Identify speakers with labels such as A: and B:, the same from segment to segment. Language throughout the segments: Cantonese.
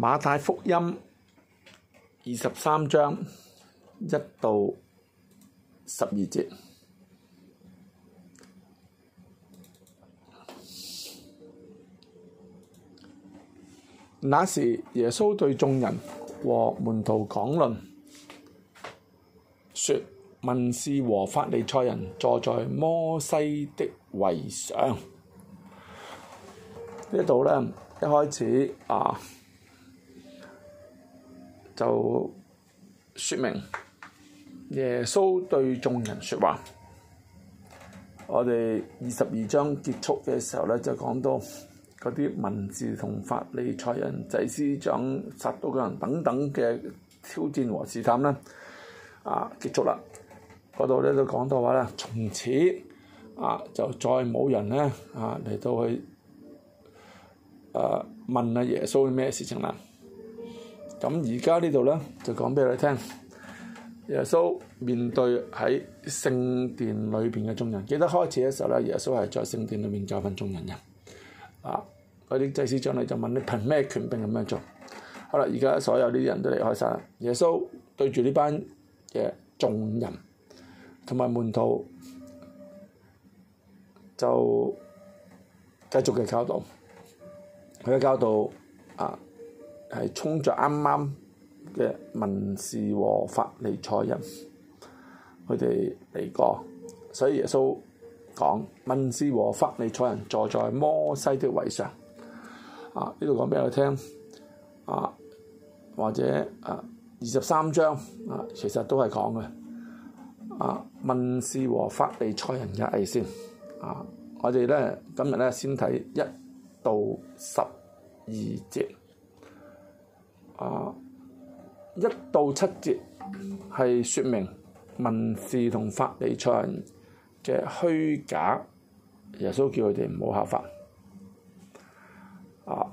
A: 馬太福音二十三章一到十二節，那時耶穌對眾人和門徒講論，說：文士和法利賽人坐在摩西的位上。呢度呢，一開始啊～就説明耶穌對眾人説話，我哋二十二章結束嘅時候咧，就講到嗰啲文士同法利賽人、祭司長、撒都該人等等嘅挑戰和試探啦，啊，結束啦。嗰度咧都講到話啦，從此啊就再冇人咧啊嚟到去誒、啊、問阿、啊、耶穌咩事情啦。咁而家呢度咧，就講俾你聽，耶穌面對喺聖殿裏邊嘅眾人，記得開始嘅時候咧，耶穌係在聖殿裏面教訓眾人嘅。啊，嗰啲祭司長咧就問，你憑咩權柄咁樣做？好啦，而家所有呢啲人都離開晒啦，耶穌對住呢班嘅眾人同埋門徒就繼續嘅教導，佢嘅教導啊～係沖着啱啱嘅文士和法利賽人，佢哋嚟過，所以耶穌講文士和法利賽人坐在摩西的位上。啊！呢度講俾我聽，啊，或者啊，二十三章啊，其實都係講嘅。啊，文士和法利賽人嘅偽善。啊，我哋咧今日咧先睇一到十二節。啊！一到七節係説明民事同法理上嘅虛假，耶穌叫佢哋唔好效法。啊！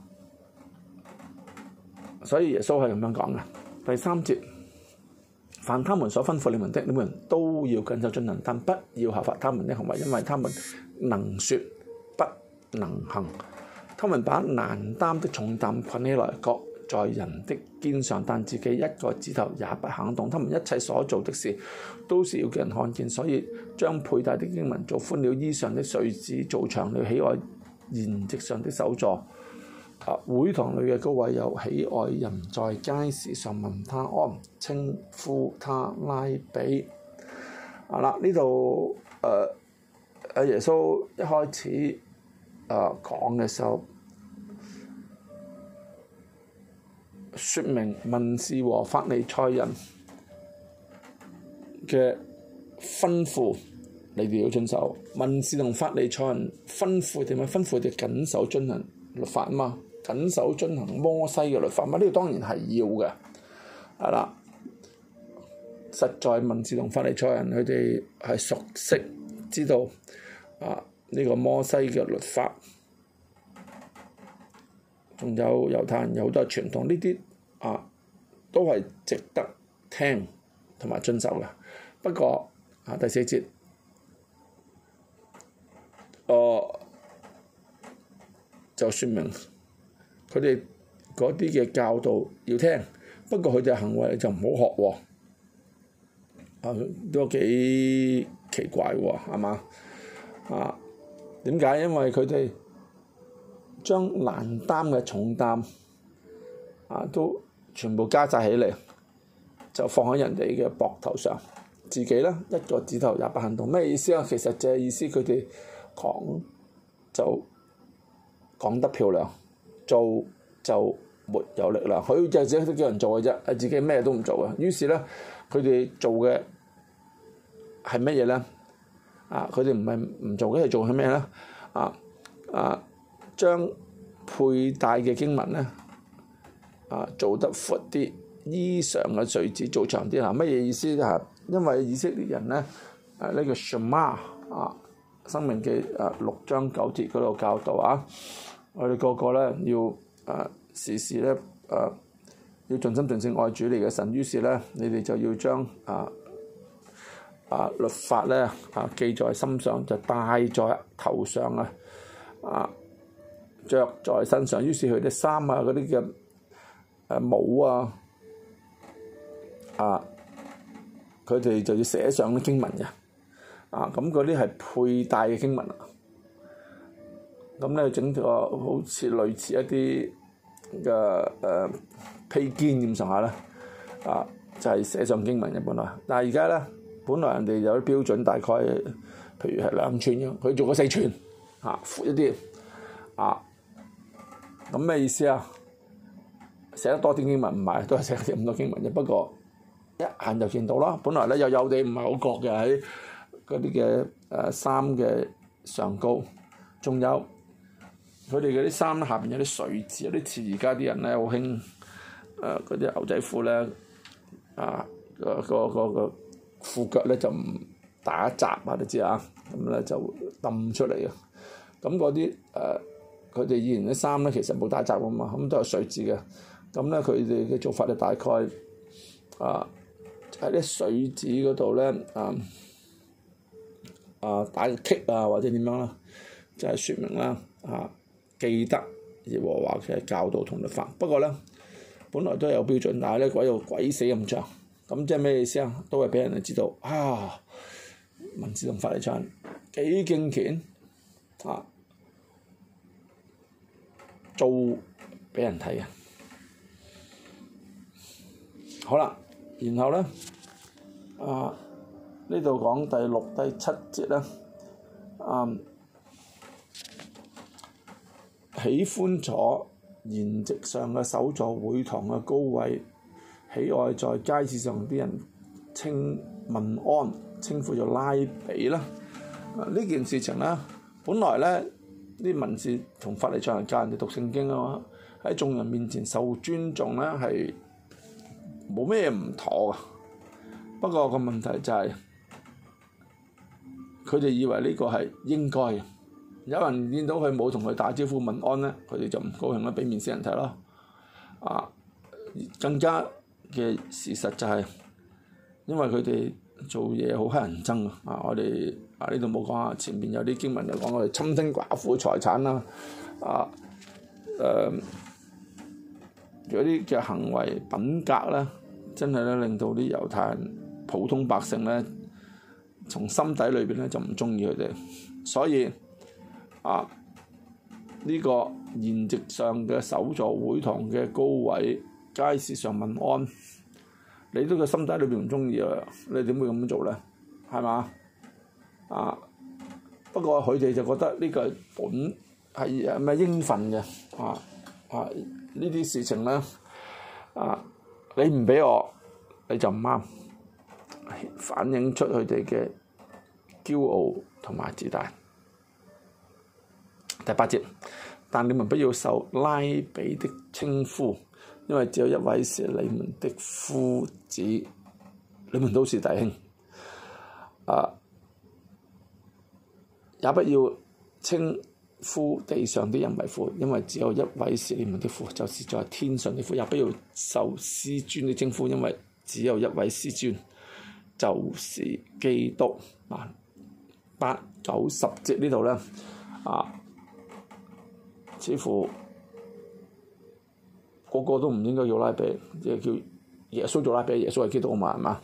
A: 所以耶穌係咁樣講嘅。第三節，凡他們所吩咐你們的，你們都要謹守遵行，但不要效法他們的行為，因為他們能說不能行，他們把難擔的重擔捆起來過，在人的肩上，但自己一個指頭也不肯動。他們一切所做的事，都是要叫人看見。所以將佩戴的經文做寬了衣上的穗子，做長了喜愛筵席上的首座。啊，會堂裏嘅高位又喜愛人，在街市上問他安，稱呼他拉比。啊啦，呢度誒誒耶穌一開始誒講嘅時候。説明民事和法利賽人嘅吩咐，你哋要遵守。民事同法利賽人吩咐點啊？吩咐佢哋緊守遵行律法啊嘛，緊守遵行摩西嘅律法嘛。呢個當然係要嘅，係啦。實在民事同法利賽人佢哋係熟悉知道啊呢個摩西嘅律法，仲有猶太人有好多傳統呢啲。啊，都係值得聽同埋遵守嘅。不過啊，第四節，哦、啊，就説明佢哋嗰啲嘅教導要聽，不過佢哋嘅行為就唔好學喎、哦。啊，都幾奇怪喎、哦，係嘛？啊，點解？因為佢哋將難擔嘅重擔啊都～全部加曬起嚟，就放喺人哋嘅膊頭上，自己咧一個指頭也不行動，咩意思啊？其實就係意思，佢哋講就講得漂亮，做就沒有力量。佢就自己都叫人做嘅啫，自己咩都唔做啊。於是咧，佢哋做嘅係乜嘢咧？啊，佢哋唔係唔做嘅，係做緊咩咧？啊啊，將佩戴嘅經文咧。啊，做得闊啲，衣裳嘅垂子做長啲嚇，乜嘢意思啊？因為以色列人咧，誒、這、呢個 Shema 啊，申命記誒六章九節嗰度教導個個啊，我哋個個咧要誒時時咧誒、啊、要盡心盡性愛主你嘅神，於是咧你哋就要將啊啊律法咧啊記在心上，就帶在頭上啊啊著在身上，於是佢啲衫啊嗰啲嘅。誒帽啊，啊，佢哋就要寫上啲經文嘅，啊，咁嗰啲係佩戴嘅經文，咁咧整咗好似類似一啲嘅誒披肩咁上下啦，啊，就係、是、寫上經文嘅本來，但係而家咧，本來人哋有啲標準，大概譬如係兩寸咁，佢做咗四寸，啊，闊一啲，啊，咁咩意思啊？寫得多啲經文唔係，都係寫咗咁多經文啫。不過一眼就見到啦。本來咧，又有地唔係好覺嘅喺嗰啲嘅誒衫嘅上高，仲有佢哋嗰啲衫下邊有啲水字。有啲似而家啲人咧好興誒嗰啲牛仔褲咧啊，個個個褲腳咧就唔打雜啊，你知啊？咁咧就冧出嚟嘅。咁嗰啲誒佢哋以前啲衫咧，其實冇打雜㗎嘛，咁都有水字嘅。咁咧佢哋嘅做法就大概啊喺啲、就是、水紙嗰度咧啊啊打擊啊或者點樣啦，即係說明啦嚇記得耶和華嘅教導同律法。不過咧，本來都有標準，但係咧鬼又鬼死咁長，咁即係咩意思啊？都係俾人哋知道啊，文字同法律出幾敬虔啊，做俾人睇啊！好啦，然後呢，啊，呢度講第六第七節啦，啊，喜歡坐筵席上嘅首座會堂嘅高位，喜愛在街市上啲人稱問安，稱呼做拉比啦。呢、啊、件事情呢，本來呢啲文士從法利賽人嚟教人哋讀聖經嘅話，喺眾人面前受尊重呢係。冇咩唔妥啊。不過個問題就係、是，佢哋以為呢個係應該嘅，有人見到佢冇同佢打招呼問安咧，佢哋就唔高興啦，俾面色人睇咯，啊，更加嘅事實就係、是，因為佢哋做嘢好乞人憎啊，我哋啊呢度冇講啊，前面有啲經文就講我哋侵吞寡婦財產啦，啊，嗯。嗰啲嘅行為品格咧，真係咧令到啲猶太人普通百姓咧，從心底裏邊咧就唔中意佢哋，所以啊，呢、這個筵席上嘅首座、會堂嘅高位、街市上問安，你都個心底裏邊唔中意啊，你點會咁做咧？係嘛？啊，不過佢哋就覺得呢個本係係咩應份嘅啊啊！啊呢啲事情呢，啊，你唔畀我，你就唔啱，反映出佢哋嘅驕傲同埋自大。第八節，但你們不要受拉比的稱呼，因為只有一位是你們的夫子，你們都是弟兄。啊，也不要稱呼地上啲人為父，因為只有一位是你們的父，就是在天上啲父，也不要受師尊的稱呼，因為只有一位師尊，就是基督。八九十節呢度呢，啊，似乎個個都唔應該要拉比，即係叫耶穌做拉比，耶穌係基督嘛，係嘛？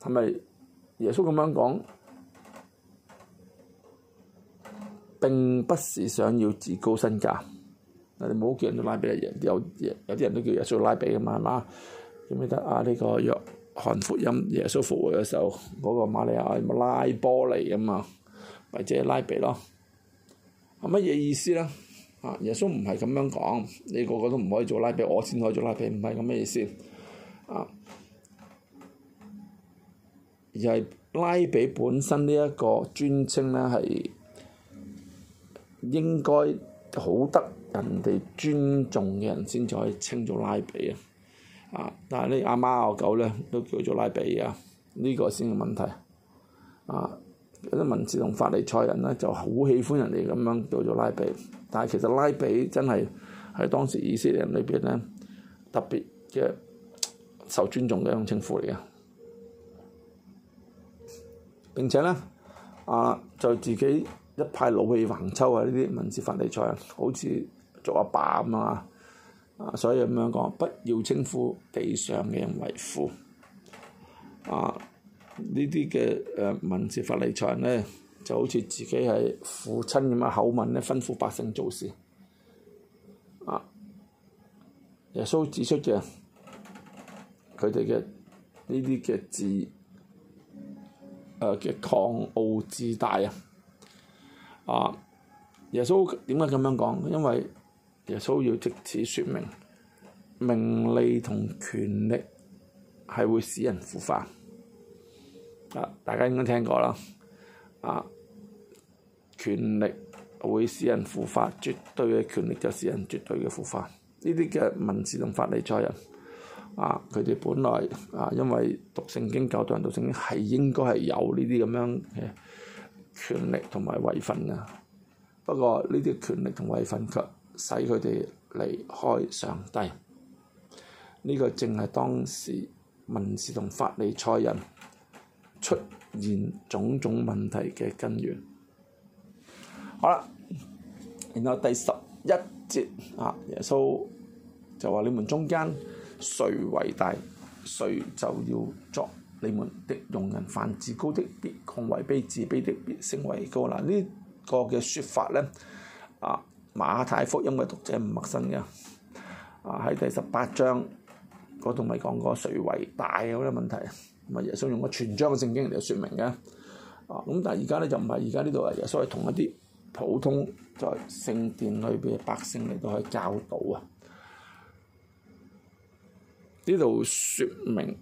A: 係咪耶穌咁樣講？並不是想要自高身價，但你唔好叫人做拉比，有啲人都叫耶穌拉比啊、這個那個、嘛，係嘛？記唔記得啊？呢個約翰福音耶穌復活嗰時嗰個瑪利亞，拉波尼咁嘛，或者拉比咯，係乜嘢意思咧？啊！耶穌唔係咁樣講，你個個都唔可以做拉比，我先可以做拉比，唔係咁嘅意思啊！又、就、係、是、拉比本身呢一個尊稱咧係。應該好得人哋尊重嘅人先至可以稱做拉比啊！啊，但係呢阿貓阿狗咧都叫做拉比、這個、啊，呢個先係問題啊！有啲文士同法利賽人咧就好喜歡人哋咁樣叫做拉比，但係其實拉比真係喺當時以色列人裏邊咧特別嘅受尊重嘅一種稱呼嚟嘅。並且咧啊，就自己。一派老氣橫秋啊！呢啲文士法利賽人啊，好似做阿爸咁啊，所以咁樣講，不要稱呼地上嘅人為父啊！呢啲嘅誒文士法利賽人咧，就好似自己係父親咁嘅口吻咧，吩咐百姓做事啊！耶穌指出嘅佢哋嘅呢啲嘅自誒嘅、呃、狂傲自大啊！啊！耶穌點解咁樣講？因為耶穌要借此説明名利同權力係會使人腐化。啊！大家應該聽過啦。啊！權力會使人腐化，絕對嘅權力就使人絕對嘅腐化。呢啲嘅文士同法利賽人。啊！佢哋本來啊，因為讀聖經教導人讀聖經係應該係有呢啲咁樣嘅。權力同埋位份啊！不過呢啲權力同位份卻使佢哋離開上帝，呢、這個正係當時文士同法利賽人出現種種問題嘅根源。好啦，然後第十一節啊，耶穌就話：你們中間誰偉大，誰就要作你們的用人凡自高的，必降為卑；自卑的，必升為高。嗱、這個，呢個嘅説法呢，啊馬太福音嘅讀者唔陌生嘅，啊喺第十八章嗰度咪講過誰為大有嗰啲問題，咁啊耶穌用個全章嘅聖經嚟説明嘅，啊咁但係而家呢，就唔係而家呢度啊，耶穌係同一啲普通在聖殿裏邊嘅百姓嚟到去教導啊，呢度説明。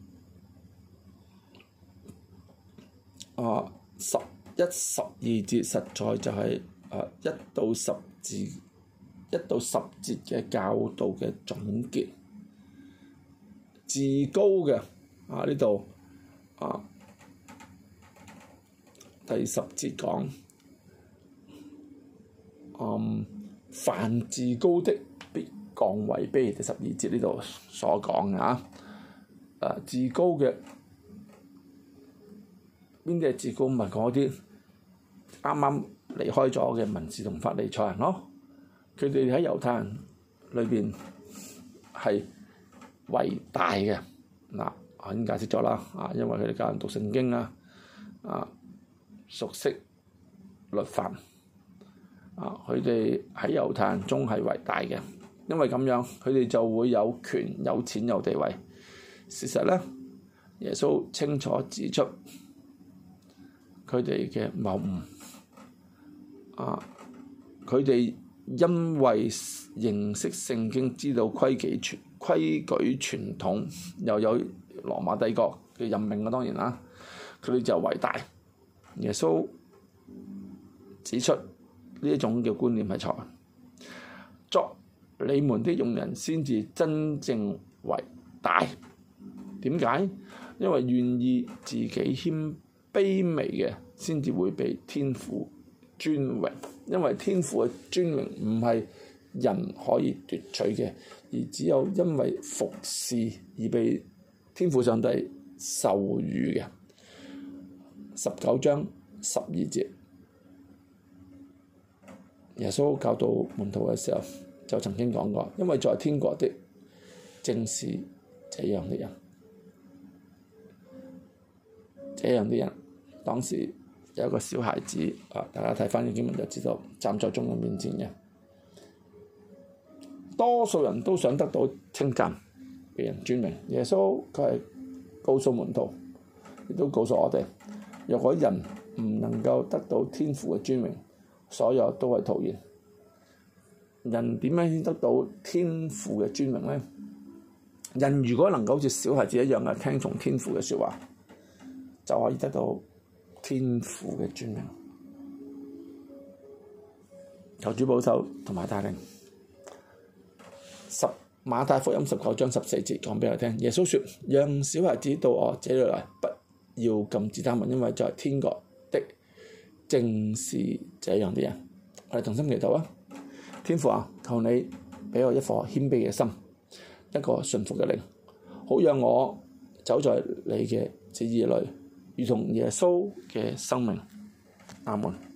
A: 啊，十一十二節實在就係、是、啊一到十節，一到十節嘅教導嘅總結，自高嘅啊呢度啊，第十節講，嗯，凡自高的必降為卑，第十二節呢度所講嘅啊，啊自高嘅。邊啲係自古唔係嗰啲啱啱離開咗嘅文士同法利賽人咯？佢哋喺猶太人裏邊係偉大嘅。嗱，我已經解釋咗啦。啊，因為佢哋教人讀聖經啊，啊熟悉律法啊，佢哋喺猶太人中係偉大嘅。因為咁樣，佢哋就會有權、有錢、有地位。事實咧，耶穌清楚指出。佢哋嘅謬誤，啊！佢哋因為認識聖經，知道規矩，傳規矩傳統，又有羅馬帝國嘅任命啊，當然啦，佢哋就偉大。耶穌指出呢一種嘅觀念係錯，作你們的用人先至真正偉大。點解？因為願意自己謙卑微嘅先至會被天父尊榮，因為天父嘅尊榮唔係人可以奪取嘅，而只有因為服侍而被天父上帝授予嘅。十九章十二節，耶穌教導門徒嘅時候就曾經講過，因為在天國的正是這樣的人，這樣的人。當時有一個小孩子啊，大家睇翻啲經文就知道，站在眾人面前嘅多數人都想得到稱讚，被人尊名。耶穌佢係告訴門徒，亦都告訴我哋：若果人唔能夠得到天父嘅尊名，所有都係徒然。人點樣先得到天父嘅尊名呢？人如果能夠好似小孩子一樣嘅聽從天父嘅説話，就可以得到。天父嘅尊名，求主保守同埋帶領十馬太福音十九章十四節講畀我聽。耶穌說：「讓小孩子到我這裏來，不要禁止他們，因為在天國的正是這樣的人。我哋同心祈禱啊，天父啊，求你畀我一顆謙卑嘅心，一個信服嘅靈，好讓我走在你嘅旨意裏。如同耶穌嘅生命，阿門。